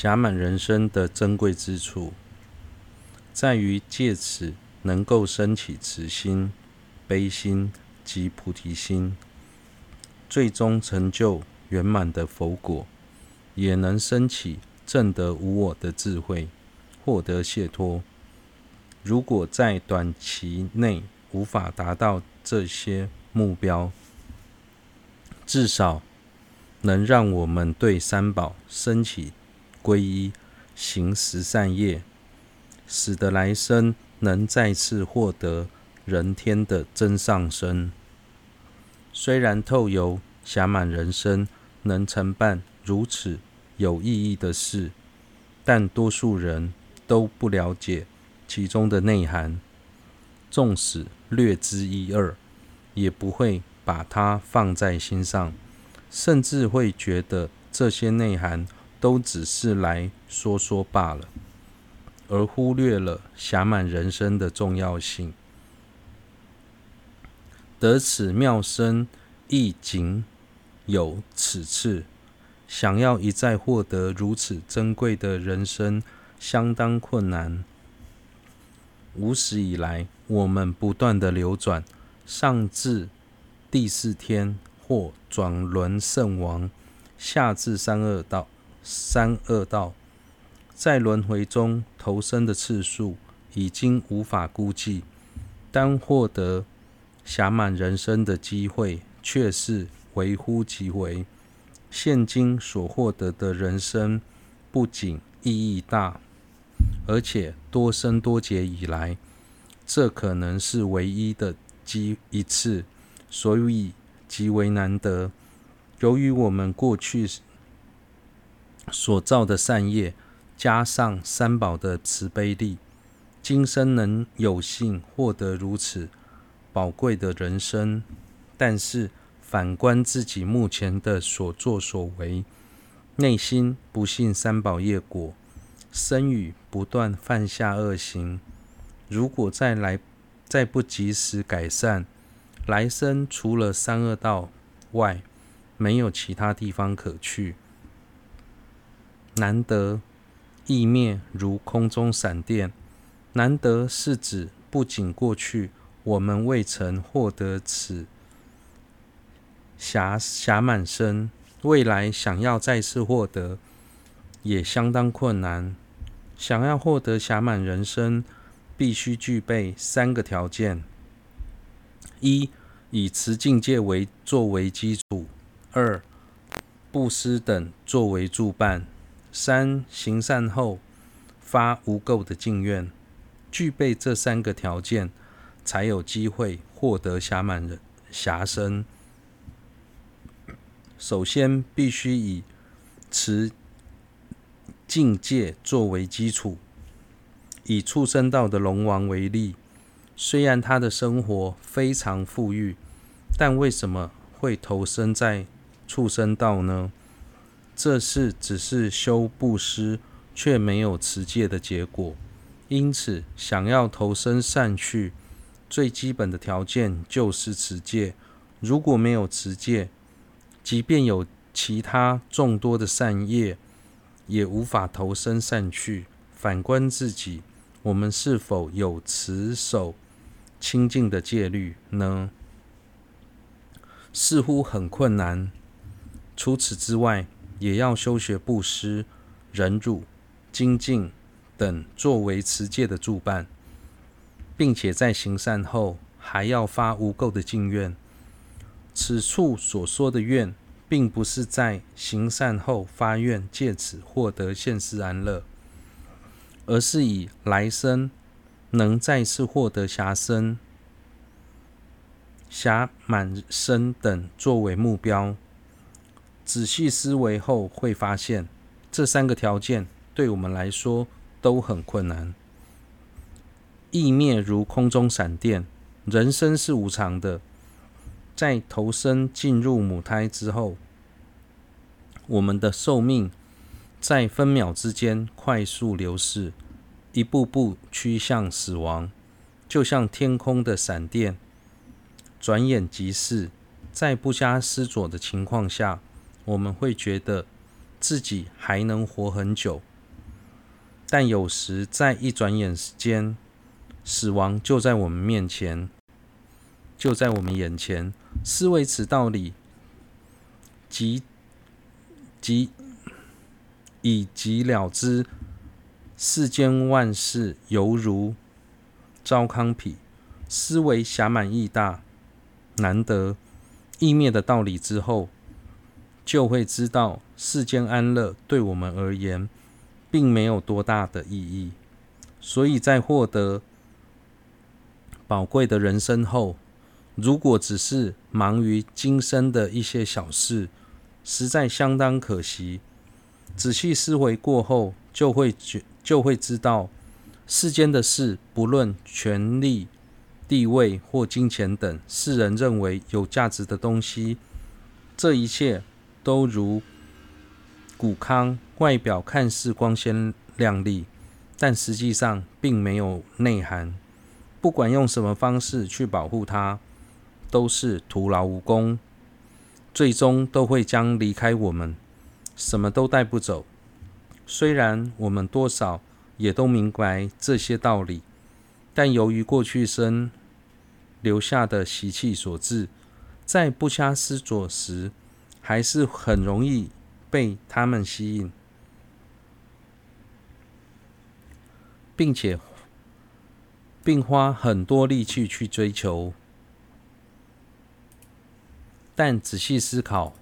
暇滿人身的珍貴之處，在於借此能夠生起慈心、悲心及菩提心，最終成就圓滿的佛果；也能生起證得無我的智慧，獲得解脫。如果在短期內無法達到這些目標，至少能讓我們對三寶生起。皈依，行十善業，使得來生能再次獲得人天的增上生。雖然透由暇滿人身能成辦如此有意義的事，但多數人都不了解其中的內涵。縱使略知一二，也不會把它放在心上，甚至會覺得這些內涵，都只是來說說罷了，而忽略了暇滿人身的重要性。得此妙身亦僅有此次，想要一再獲得如此珍貴的人身，相當困難。無始以來，我們不斷地流轉，上至帝釋天或轉輪聖王，下至三惡道。三惡道在輪迴中投生的次數已經無法估計，但獲得暇滿人身的機會卻是微乎其微。現今所獲得的人身不僅意義大，而且多生多劫以來，這可能是唯一的機一次，所以極為難得。由於我們過去。所造的善業，加上三寶的慈悲力，今生能有幸獲得如此寶貴的人身。但是反觀自己目前的所作所為，內心不信三寶業果，身語不斷犯下惡行。如果再來再不及時改善，來生除了三惡道外，沒有其他地方可去。難得易滅如空中閃電。難得是指不僅過去我們未曾獲得此暇暇滿身，未來想要再次獲得也相當困難。想要獲得暇滿人身，必須具備三個條件：一、以持淨戒作為基礎；二、布施等作為助伴。三、行善後，發無垢的淨願。具備這三個條件，才有機會獲得暇滿人、暇身。首先，必須以持淨戒作為基礎。以畜生道的龍王為例，雖然他的生活非常富裕，但為什麼會投生在畜生道呢？這是只是修布施，卻沒有持戒的結果。因此，想要投生善趣，最基本的條件就是持戒。如果沒有持戒，即便有其他眾多的善業，也無法投生善趣。反觀自己，我們是否有持守清淨的戒律呢？似乎很困難。除此之外，也要修學布施、忍辱、精進等作為持戒的助伴，並且在行善後還要發無垢的淨願。此處所說的願，並不是在行善後發願借此獲得現世安樂，而是以來生能再次獲得暇身、暇滿身等作為目標。仔細思維後，會發現這三個條件對我們來說都很困難。易滅如空中閃電，人生是無常的。在投生進入母胎之後，我們的壽命在分秒之間快速流逝，一步步趨向死亡，就像天空的閃電，轉眼即逝。在不加思索的情況下，我們會覺得自己還能活很久，但有時在一轉眼間，死亡就在我們面前，就在我們眼前。思維此道理，即即已即了知，世間萬事猶如簸糠秕，思維暇滿義大難得易滅的道理之後。就會知道世間安樂對我們而言，並沒有多大的意義。所以在獲得寶貴的人身後，如果只是忙於今生的一些小事，實在相當可惜。仔細思維過後，就會就會知道，世間的事，不論權力、地位或金錢等世人認為有價值的東西，這一切。都如穀糠，外表看似光鮮亮麗，但實際上並沒有內涵。不管用什麼方式去保護它，都是徒勞無功，最終都會將離開我們，什麼都帶不走。雖然我們多少也都明白這些道理，但由於過去生留下的習氣所致，在不加思索時，還是很容易被他們吸引，並且並花很多力氣去追求，但仔細思考，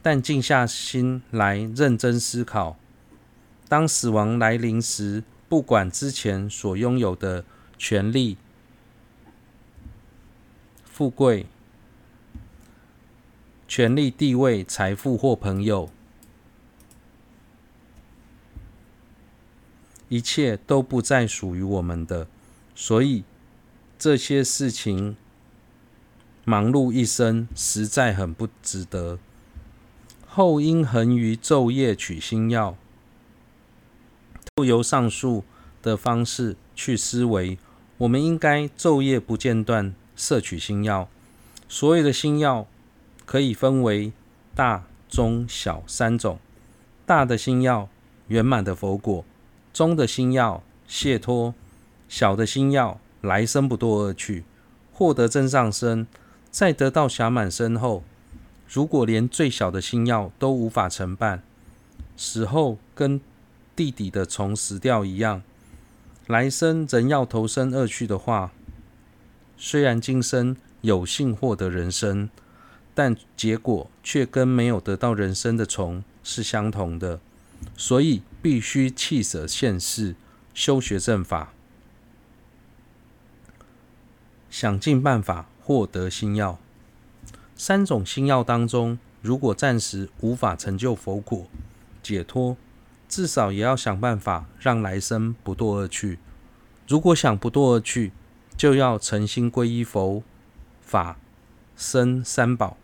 但靜下心來認真思考，當死亡來臨時，不管之前所擁有的權力、富貴。權力、地位、財富或朋友，一切都不再屬於我們的，所以這些事情忙碌一生，實在很不值得。後應恆於晝夜取心要，透由上述的方式去思維，我們應該晝夜不間斷攝取心要，所謂的心要。可以分為大、中、小三種。大的心要圓滿的佛果，中的心要解脫，小的心要來生不墮惡趣，獲得增上生。在得到暇滿身後，如果連最小的心要都無法成辦，死後跟地底的蟲死掉一樣，來生仍要投生惡趣的話，雖然今生有幸獲得人身。但結果卻跟沒有得到人身的蟲是相同的，所以必須棄捨現世，修學正法，想盡辦法獲得心要。三種心要當中，如果暫時無法成就佛果、解脫，至少也要想辦法讓來生不墮惡趣。如果想不墮惡趣，就要誠心皈依佛、法、僧三寶。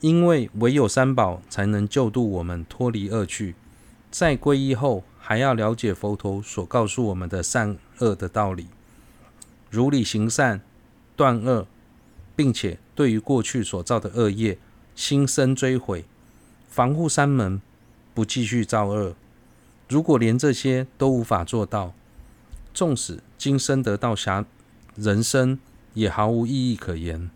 因為唯有三寶才能救度我們脫離惡趣，在皈依後，還要了解佛陀所告訴我們的善惡的道理，如理行善、斷惡，並且對於過去所造的惡業，心生追悔，防護三門，不繼續造惡。如果連這些都無法做到，縱使今生得到暇，人生也毫無意義可言。